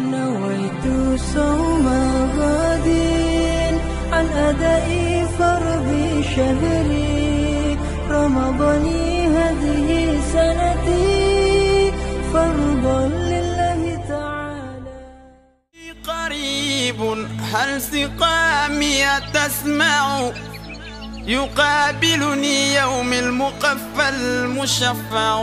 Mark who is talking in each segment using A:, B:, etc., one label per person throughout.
A: نويت صوم غد عن أداء فرض شهري
B: رمضان هذه سنتي فرضا لله تعالى قريب هل سقامي تسمع يقابلني يوم المقفى المشفع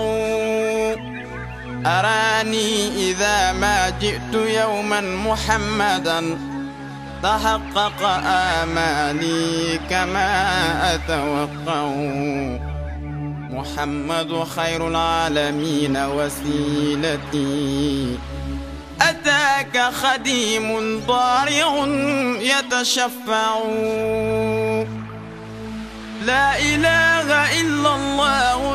B: أراني إذا ما جئت يوما محمدا تحقق آمالي كما أتوقع محمد خير العالمين وسيلتي أتاك خديم ضارع يتشفع لا إله إلا الله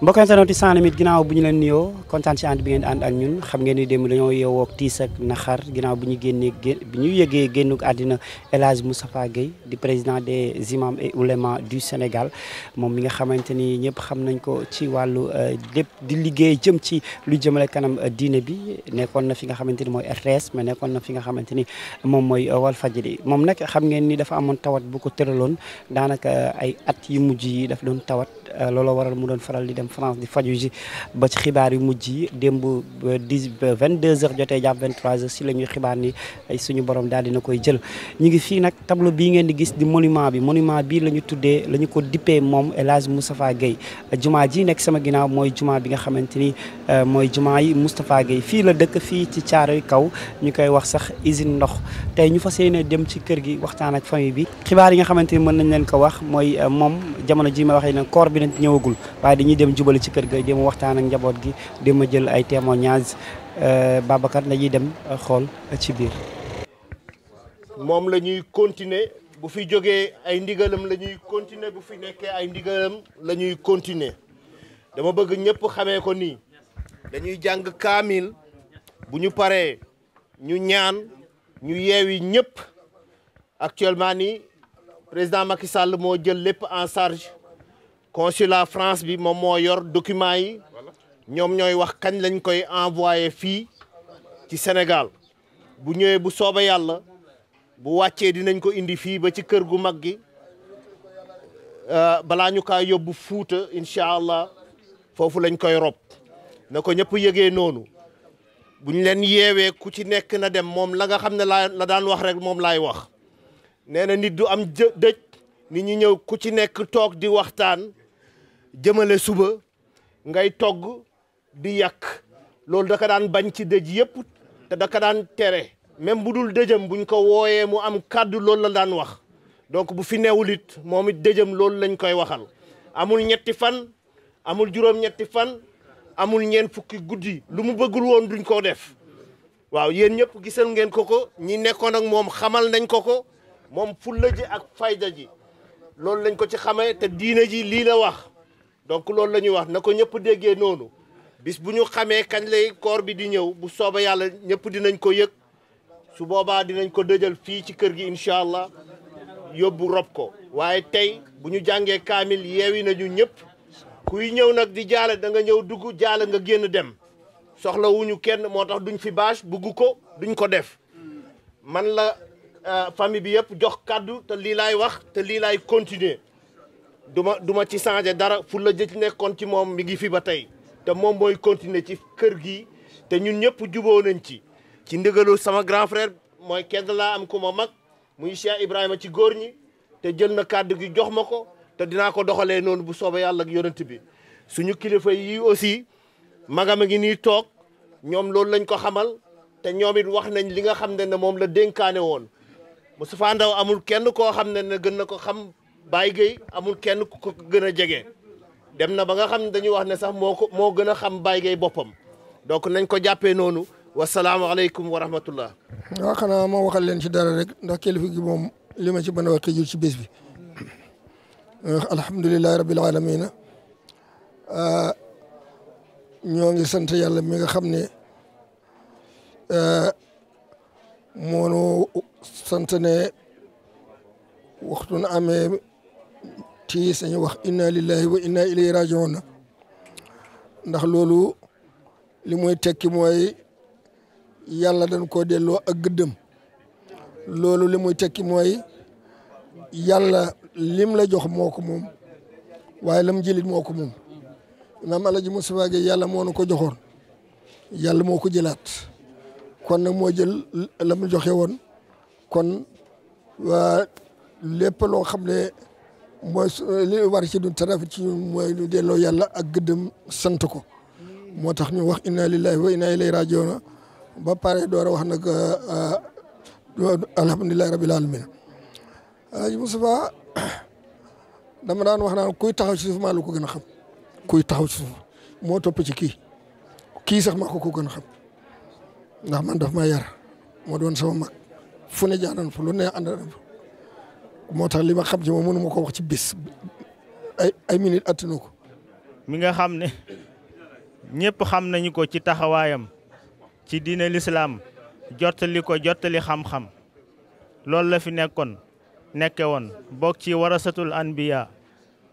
C: mbokk internet yi Sans Limites ginnaaw bu ñu leen nuyoo kontaan si ànd bi ngeen ànd ak ñun xam ngeen ni démb dañoo yeewoo ak tiis ak naxar ginnaaw bu ñu génnee bi ñu yëgee génnuk àddina El Hadj Moustapha Guèye di président de imams et oulémas du Sénégal moom mi nga xamante ni ñëpp xam nañ ko ci wàllu euh, lépp di liggéey jëm ci lu jëmale kanam euh, diine bi nekkoon na fi nga xamante ni mooy RTS mais nekkoon na fi nga xamante ni moom mooy euh, Walfadjri moom nag xam ngeen ni dafa amoon tawat bu ko tëraloon daanaka ay at yu mujj yi daf doon tawat Euh, looloo waral mu doon faral di dem France di faju ji ba ci xibaar yu mujj yi démb euh, dix euh, vingt jotee jàpp vingt trois heures si la ñuy xibaar ni suñu borom daal dina koy jël ñu ngi fii nag tableau bii ngeen di gis di monument bi monument bi la ñu tuddee la ñu ko dippee moom El Hadj Moustapha Guèye jumaa ji nekk sama ginnaaw mooy jumaa bi nga xamante ni mooy jumaa yi Moustapha Guèye fii la dëkk fii ci caaro Caaroy kaw ñu koy wax sax usine ndox tey ñu fas yéene dem ci kër gi waxtaan ak famille bi xibaar yi nga xamante mën nañ leen ko wax mooy moom jamono bi nag ñëwagul di dañuy dem jubali ci kër ga dem waxtaan ak njaboot gi dem a jël ay témoignages euh, Babacar la dem xool ci biir.
D: moom la ñuy continuer bu fi jógee ay ndigalam la ñuy continuer bu fi nekkee ay ndigalam lañuy ñuy dama bëgg ñëpp xamee ko nii dañuy jàng kaamil bu ñu paree ñu ñaan ñu yeewi ñëpp actuellement nii président Macky moo jël lépp en charge. consulat France bi moom moo yor document yi ñoom ñooy wax kañ lañ koy envoyé fii ci Sénégal bu ñëwee bu soobee yàlla bu wàccee dinañ ko indi fii ba ci kër gu mag gi euh, balaa ñu kaa yóbbu Fuuta incha allah foofu lañ koy rob na ko ñëpp yëgee noonu bu ñu leen yeewee ku ci nekk na dem moom la nga xam ne laa la daan wax rek moom laay wax nee nit du am dëj ni ñu ñëw ku ci nekk toog di waxtaan jëmale suba ngay togg di yàq loolu da daan bañ ci dëj yëpp te da daan tere même bu dul dëjëm buñ ko wooyee mu am kàddu loolu la daan wax donc bu fi newul it moom it dëjëm loolu lañ koy waxal amul ñetti fan amul juróom-ñetti fan amul ñeen fukki guddi lu mu bëggul woon duñ ko def waaw yéen ñëpp gisal ngeen ko ko ñi nekkoon ak moom xamal nañ ko ko moom fulla ji ak fayda ji loolu lañ ko ci xamee te diine ji lii la wax donc loolu la ñuy wax na ko ñëpp déggee noonu bis bu ñu xamee kañ lay koor bi di ñëw bu sooba yàlla ñëpp dinañ ko yëg su boobaa dinañ ko dëjal fii ci kër gi incha allah yóbbu rob ko waaye tey bu ñu jàngee kaamil yeewi nañu ñëpp kuy ñëw nag di jaale da nga ñëw dugg jaale nga génn dem soxla wuñu kenn moo tax duñ fi bâche bugg ko duñ ko def man la euh, famille bi yëpp jox kàddu te lii laay wax te lii laay continuer du ma du ma ci changé dara fu la jëj nekkoon ci moom mi ngi fi ba tey te moom mooy continuer ci kër gi te ñun ñëpp juba nañ ci ci ndigalu sama grand frère mooy kenn laa am ku ma mag muy Cheikh Ibrahima ci góor ñi te jël na kàddu gi jox ma ko te dinaa ko doxalee noonu bu soobee yàlla ak yonent bi suñu kilifa yi aussi magam a ngi nii toog ñoom loolu lañ ko xamal te ñoom it wax nañ li nga xam ne moom la dénkaane woon Moustapha Ndaw amul kenn koo xam ne ne gën na ko xam Baye Gueye amul kenn ku ko gën a jege dem na ba nga xam ne dañuy wax ne sax moo moo gën a xam Baye Gueye boppam donc nañ ko jàppee noonu wasalaamaaleykum wa rahmatullah.
E: waaw xanaa ma waxal leen ci dara rek ndax kilifa gi moom li ma ci mën a wax jël ci bés bi euh, alhamdulilah rabil aalamiina euh, ñoo ngi sant yàlla mi nga xam ne euh, moo sant ne waxtu na amee. tiis dañu wax inna lillahi wa inna ilayhi rajiun ndax loolu li muy tekki mooy yàlla dañ koo delloo ak gëddëm loolu li muy tekki mooy yàlla lim la jox moo moom waaye lam jëlit moo ko moom imaam alaji Mustapha Gueye yàlla moo na ko joxoon yàlla moo ko jëlaat kon nag moo jël lam joxe woon kon waa loo xam ne mooy eh, li war ci dun taraf ci ñun mooy lu delloo yàlla ak gëddëm sant ko moo tax ñu wax inna lillahi wa inna ilayhi rajiuna ba pare door wax nag eh, eh, alhamdulilahi rabil alamin aji Moustapha dama daan wax na kuy taxaw ci suuf maa lu ko gën xam kuy taxaw ci suuf moo topp ci kii kii sax maa ko ko gën xam ndax man daf ma yar moo doon sama mag fu ne jaanan fa lu ne moo tax li ma xam ci moom
A: mënu ma ko wax ci bis ay ay minute attanu ko. mi nga xam ne ñëpp xam nañu ko ci taxawaayam ci diine lislaam jottali ko jottali xam-xam loolu la fi nekkoon nekke woon bokk ci war warasatul anbiya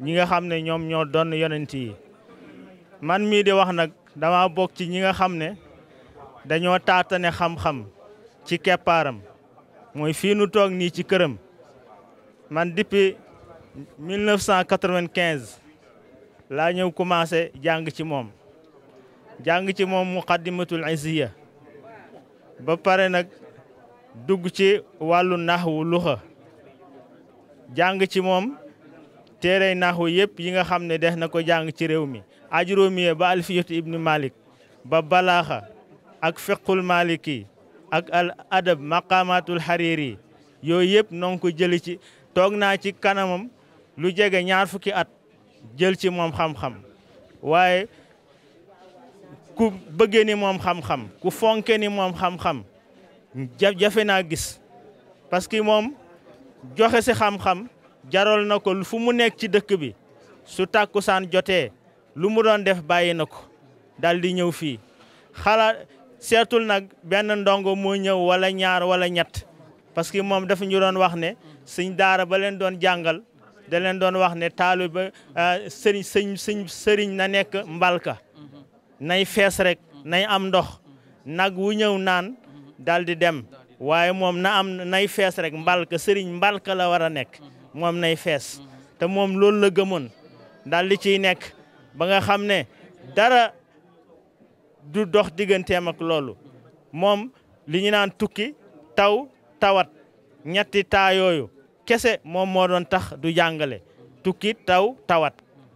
A: ñi nga xam ne ñoom ñoo doon yonent yi man mii di wax nag dama bokk ci ñi nga xam ne dañoo taatane xam-xam ci keppaaram mooy fii nu toog nii ci këram man depuis 1995 laa ñëw commencé jàng ci moom jàng ci moom muqaddimatul izziya ba pare nag dugg ci wàllu naxwu luxa jàng ci moom téerey naxwu yëpp yi nga xam ne dex na ko jàng ci réew mi ajuroomiye ba alfiyatu ibnu malik ba balaaxa ak fiqul maliki ak al adab maqamatul xariri yooyu yëpp noo ngi ko toog naa ci kanamam lu jege ñaar fukki at jël ci moom xam-xam waaye ku bëggee ni moom xam-xam ku fonke ni moom xam-xam jafe naa gis parce que moom joxe si xam-xam jaral na ko fu mu nekk ci dëkk bi su tàkkusaan jotee lu mu doon def bàyyi na ko dal di ñëw fii xalaat seetul nag benn ndongo moo ñëw wala ñaar wala ñett parce que moom dafa ñu wax ne sëñ daara ba doon jàngal da doon wax ne taalu euh, ba sëriñ sëñ sëñ sëriñ na nekk mbalka nay fees rek nay am ndox nag wu ñëw naan dal di dem waaye moom na am nay fees rek mbalka sëriñ mbalka la war a nekk moom nay fees te moom loolu la gëmoon dal di ciy nekk ba nga xam ne dara du dox digganteem ak loolu moom li ñu naan tukki taw tawat ñetti taa yooyu kese moom moo doon tax du jàngale tukki taw tawat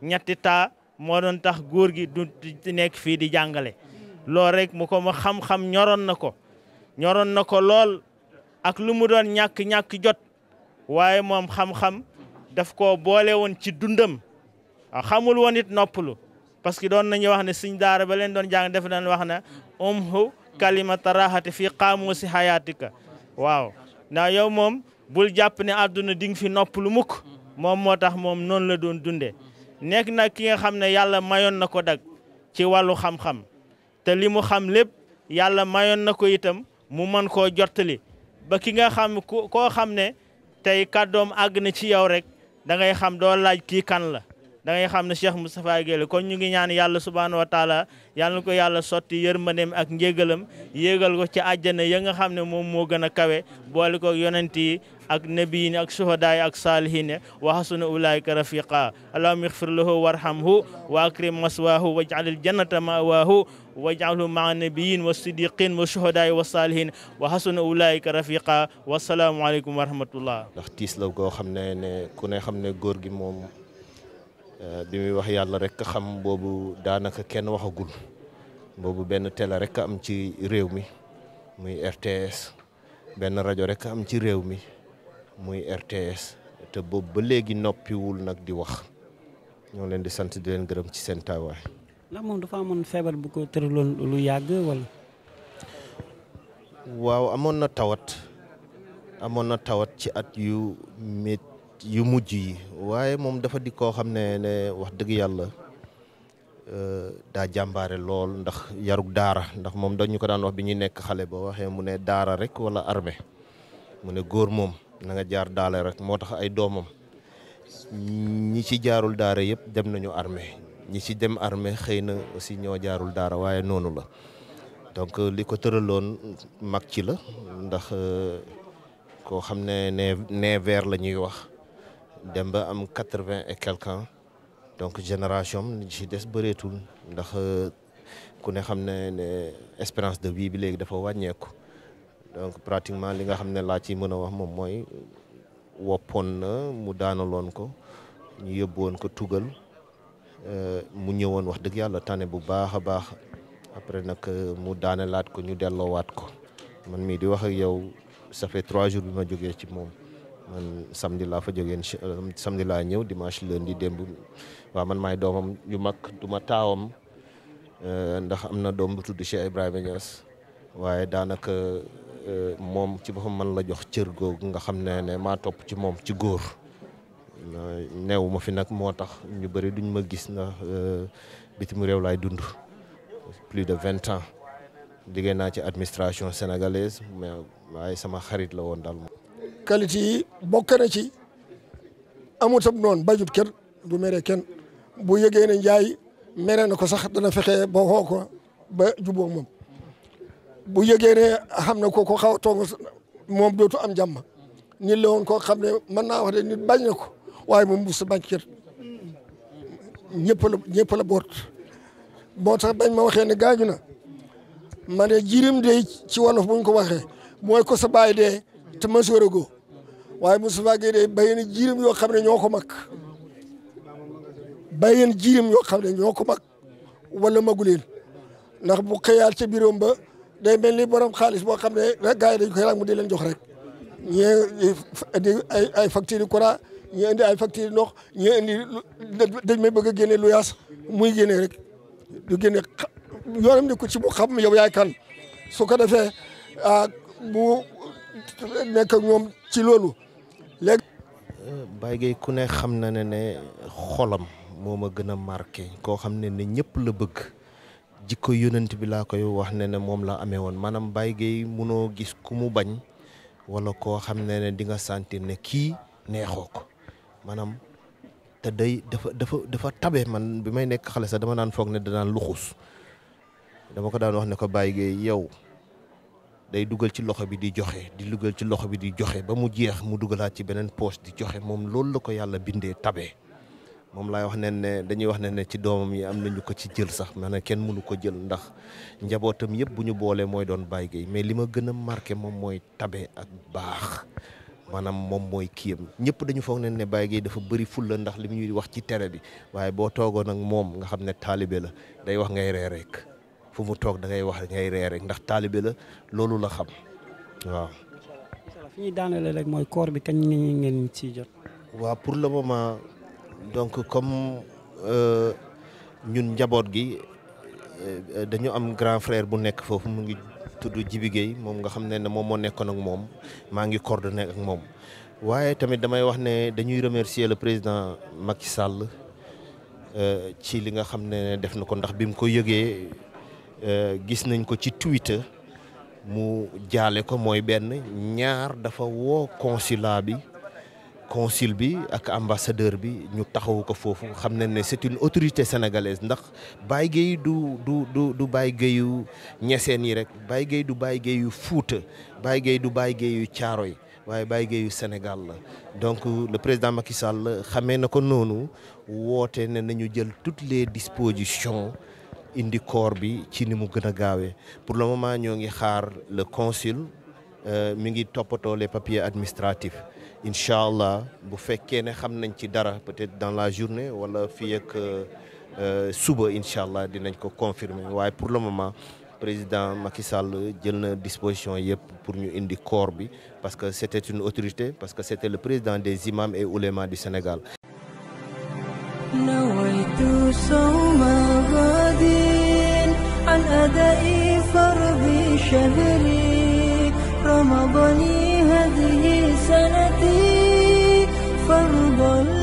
A: ñetti taa moo doon tax góor gi du nekk fii di jàngale lool rek mu ko ma xam-xam ñoroon na ko ñoroon na ko lool ak lu mu doon ñàkk-ñàkk jot waaye moom xam-xam daf ko boole woon ci dundam a xamul woon it noppalu parce que doon nañu wax ne suñ daara ba leen doon jàng def nañ wax na umhu kalimata rahati fii qaamusi hayatika waaw ndax yow moom bul jàpp ne àdduna di nga fi nopp lu mukk moom moo tax moom noonu la doon dundee nekk na ki nga xam ne yàlla mayoon na ko dag ci wàllu xam-xam te li mu xam lépp yàlla mayoon na ko itam mu mën koo jottali ba ki nga xam koo xam ne tey kàddoom àgg na ci yow rek dangay xam doo laaj kii kan la dangay xam ne Cheikh mu Gueye ko kon ñu ngi ñaan yàlla subhaanahu wa taala yàlla ko yàlla sotti yërmandeem ak njéegalam yéegal ko ci àjjana ya nga xam ne moom moo gën a kawe boole ko yonent yi ak nabiyin ak suhadaay ak saalihin wa hasuna ulaika rafiqa allahumma ighfir lahu warhamhu wa akrim maswahu waj'alil jannata ma'wahu waj'alhu ma'a nabiyin wa siddiqin wa suhadaay wa saalihin wa hasuna ulaika rafiqa wasalaamu aleykum wa rahmatullah ndax
D: tiis la goo xam ne ne ku ne xam ne góor gi moom eh, bi muy wax yàlla rek xam boobu daanaka kenn waxagul boobu benn télé rek am ci réew mi muy RTS benn rajo rek am ci réew mi muy RTS te boobu ba léegi noppiwul nag di wax ñoo leen di sant di leen gërëm ci seen taawaay.
C: ndax moom dafa amoon feebar bu ko tëraloon lu yàgg wala.
D: waaw amoon na tawat amoon na tawat ci at yu mét yu mujj yi waaye moom dafa di koo xam ne ne wax dëgg yàlla euh, daa jàmbaare lool ndax yarug daara ndax moom dañu ko daan wax bi ñuy nekk xale ba waxee mu ne daara rek wala armée mu ne góor moom. na nga jaar daale rek moo tax ay doomam ñi ci jaarul daara yëpp dem nañu armée ñi ci dem armée xëy na aussi ñoo jaarul daara waaye noonu la donc euh, li ko tëraloon mag ci la ndax euh, koo xam ne ne ne vert la ñuy wax dem ba am quatre-vingt et quelque ans donc génération li ci des bëreetul ndax euh, ku ne xam ne ne espérance de vie bi léegi dafa wàññeeku donc pratiquement li nga xam ne laa ci mën a wax moom mooy woppoon na mu loon ko ñu yóbbuwoon ko tugal euh, mu ñëwoon wax dëgg yàlla tane bu baax a baax après nag euh, mu laat ko ñu waat ko man mii di wax ak yow ça trois jours bi ma jógee ci moom man samedi laa fa jógee euh, samedi laa ñëw dimanche lundi démb waaw man maay doomam yu mag du ma taawam ndax am na doom bu tudd Cheikh Ibrahima Niass waaye daanaka Euh, moom ci boppam man la jox cër googu nga xam ne ne maa topp ci moom ci góor neew ma fi nag moo tax ñu bëri duñ ma gis na euh, bitim réew laay dund plus de vingt ans liggéey naa ci administration sénégalaise mais sama xarit la woon daal moom.
E: qualité yi bokk ci amut ab noonu bajut kenn du mere kenn bu yëgee ne njaay mere na ko sax na fexe ba xoo ko ba jubóog moom. bu yëgee ne xam na ko ko xaw a toog moom dootu am jàmm nit la woon koo xam ne mën naa wax de nit bañ na ko waaye moom bu sa bañ ci ñëpp la boot tax bañ ma waxee ne gaañu na ma ne jirim de ci wolof buñ ko waxee mooy ko sa baay dee te mësoor agoo waaye Moustapha Gueye de bàyyi na jirim yoo xam ne ñoo ko mag bàyyi na jirim yoo xam ne ñoo ko mag wala magu leen ndax bu xëyaat ca biroom ba day mel ni borom xaalis boo xam ne gars yi dañ koy ràng mu di leen jox rek ñi ay ay facture courant ñi indi ay facture ndox ñi indi dañ may bëgg a lu yaas muy génne rek yoonam ne ko ci bu xam yow yaay kan su ko defee ah, bu nekk ak ñoom ci loolu léegi.
D: Baye Gueye ku ne xam na ne ne xolam moo ma gën a marke koo xam ne ne ñëpp la bëgg. jikko yonent bi laa koy wax ne ne moom laa amee woon maanaam Baye Gueye munoo gis ku mu bañ wala koo xam ne ne dinga nga ne kii neexoo ko maanaam te day dafa dafa dafa tabe man bi may nekk xale sax dama daan foog ne danaan luxus dama ko daan wax ne ko Baye Gueye yow day dugal ci loxo bi di joxe di dugal ci loxo bi di joxe ba mu jeex mu dugalaat ci beneen poche di joxe moom loolu la ko yàlla bindee tabe moom laay wax nen ne dañuy wax ne ne ci doomam yi am nañu ko ci jël sax maanaam kenn mënu ko jël ndax njabootam yëpp bu ñu boolee mooy doon Baye Gueye mais li ma gën a marqué moom mooy tabe ak baax maanaam moom mooy kiyam ñëpp dañu foog nen ne Baye dafa bëri fulla ndax li muy wax ci tere bi waaye boo toogoon ak moom nga xam ne taalibe la day wax ngay ree rek fu mu toog da ngay wax ngay ree rek ndax taalibe la loolu la xam waaw.
C: fi ñuy daanale rek mooy koor bi kañ ngeen ci jot.
D: waaw pour le moment. donc comme euh, ñun njaboot gi euh, dañu am grand frère bu nekk foofu mu ngi tudd Jibi Guèye moom nga xam ne ne moom moo nekkoon ak moom maa ngi coordonné ak moom waaye tamit damay wax ne dañuy remercier le président Macky Sall euh, ci li nga xam ne def na ko ndax bi mu ko yëgee gis nañ ko ci Twitter mu jaale ko mooy benn ñaar dafa woo consulat bi consul bi ak ambassadeur bi ñu taxawu ko foofu xam nañ ne c'est une autorité sénégalaise ndax Baye Gueye du du du du Baye Gueye yu ñeseen yi rek Baye Gueye du Baye Gueye yu Fuuta Baye Gueye du Baye Gueye yu Caaroy waaye Baye Gueye yu Sénégal la donc le président Macky Sall xamee na ko noonu woote ne nañu jël toutes les dispositions indi corps bi ci ni mu gën a gaawee pour le moment ñoo ngi xaar le consul euh, mu ngi toppatoo le papiers administratifs incha allah bu fekkee ne xam nañ ci dara peut-être dans la journée wala fii ak euh, euh, suba incha allah dinañ ko confirmer waaye pour le moment président Macky Sall jël na disposition yëpp pour ñu indi corps bi parce que c'était une autorité parce que c'était le président des imams et oulémas du Sénégal.
A: عن ربي فارض